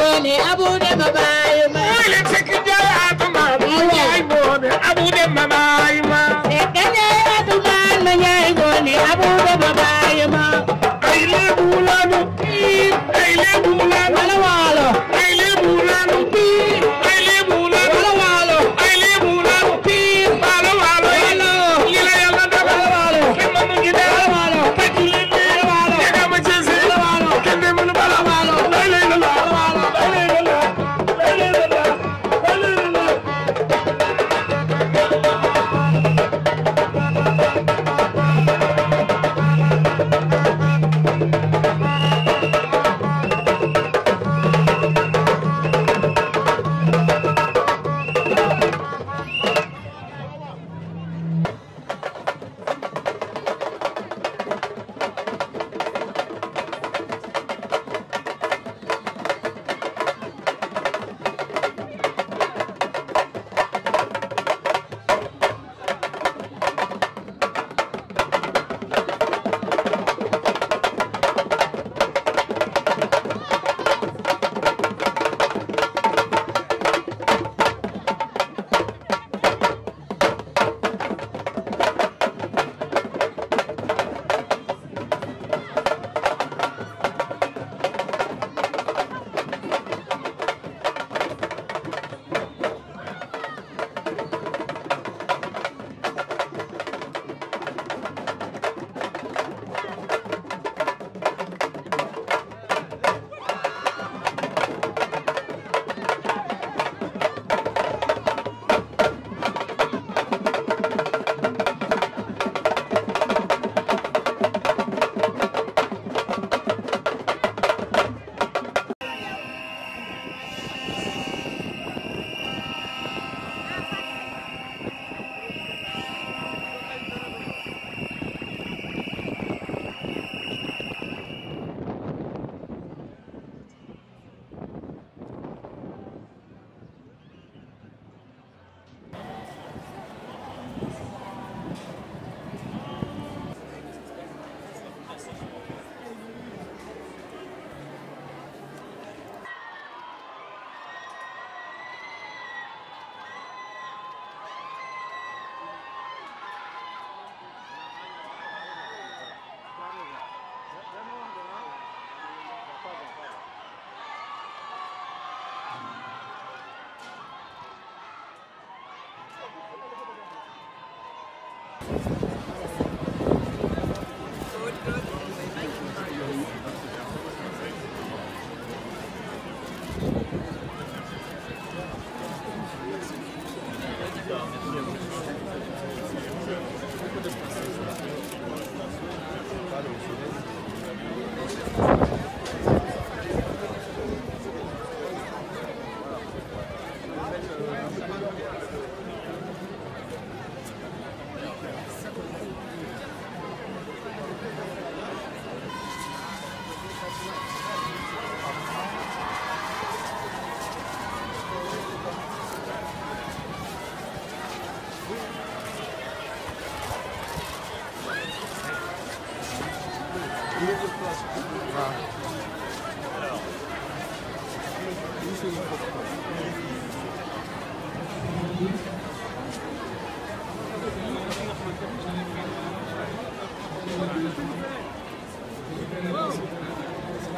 gone abu da mabayi ma wani cikin jara ma mun yayi gone abu da mabayi ma sai kane ya tuma mun yayi gone abu da mabayi ma kai le bulano kai le bulano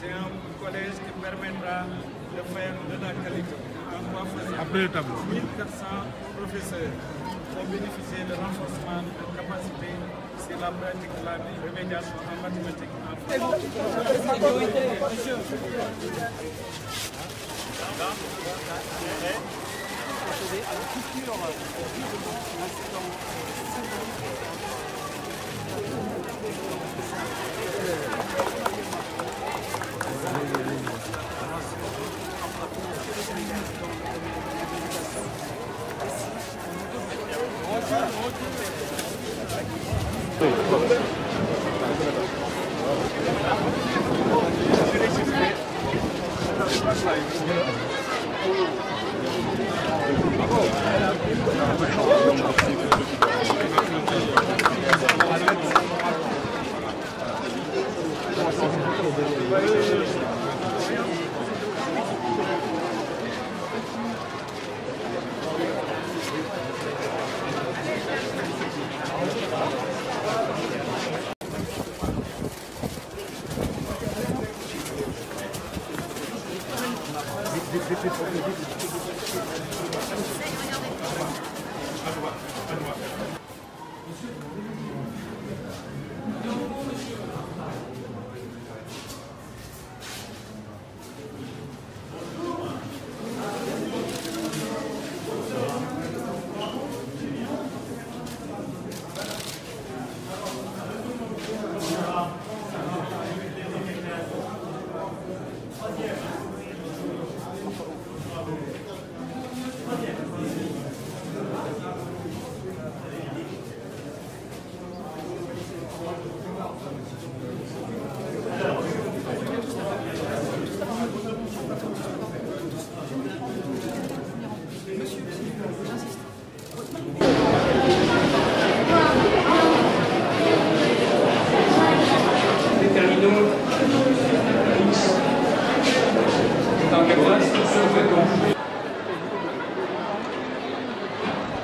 c'est un collège qui permettra de faire de la qualité. En quoi Après le 1400 professeurs pour bénéficier de renforcement de capacité sur la pratique de la remédiation en mathématiques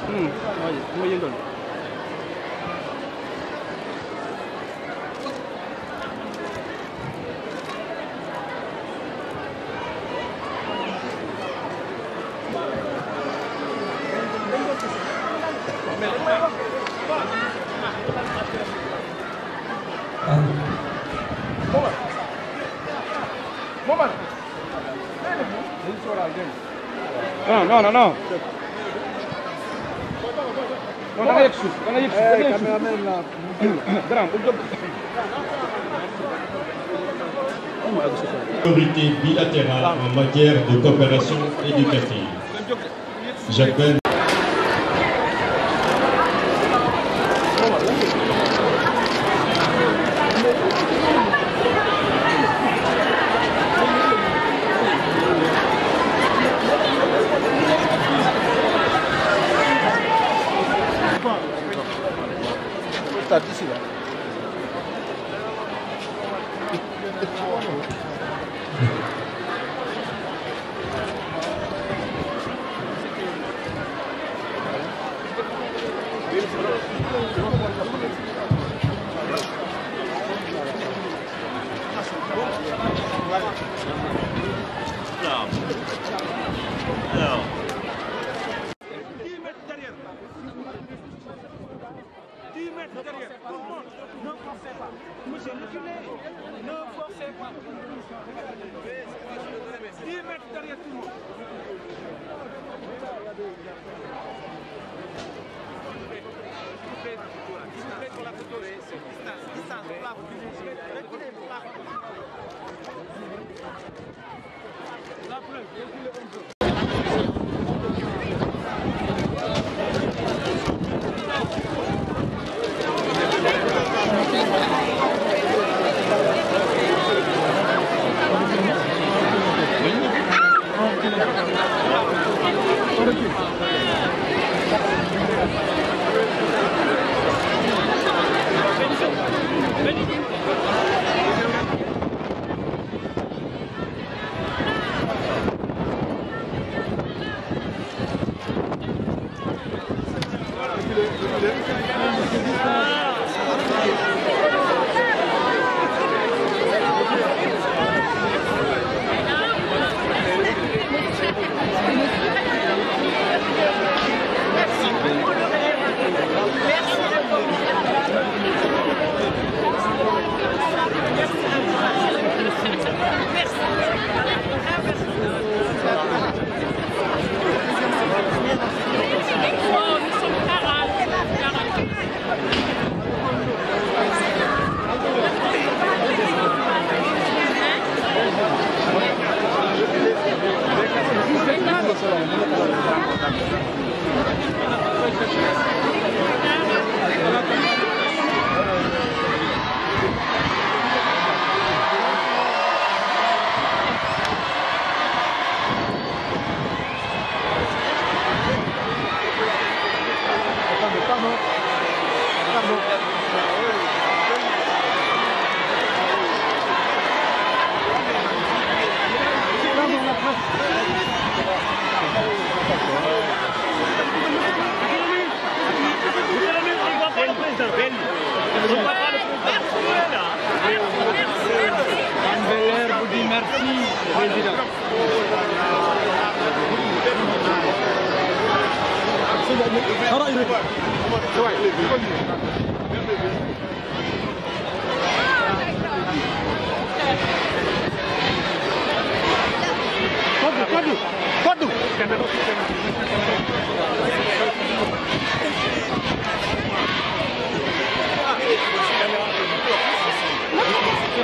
嗯，没事，不用动。慢点，慢点。嗯。过来。过来。来来 On a yëg suuf da On a suuf da nga yëg suuf grand bu jóg Autorité bilatérale en matière de coopération éducative. J'appelle Deputado tá, de Silva. 感じだ。腹入れ。怖い。Padu, padu, padu.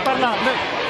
Parla,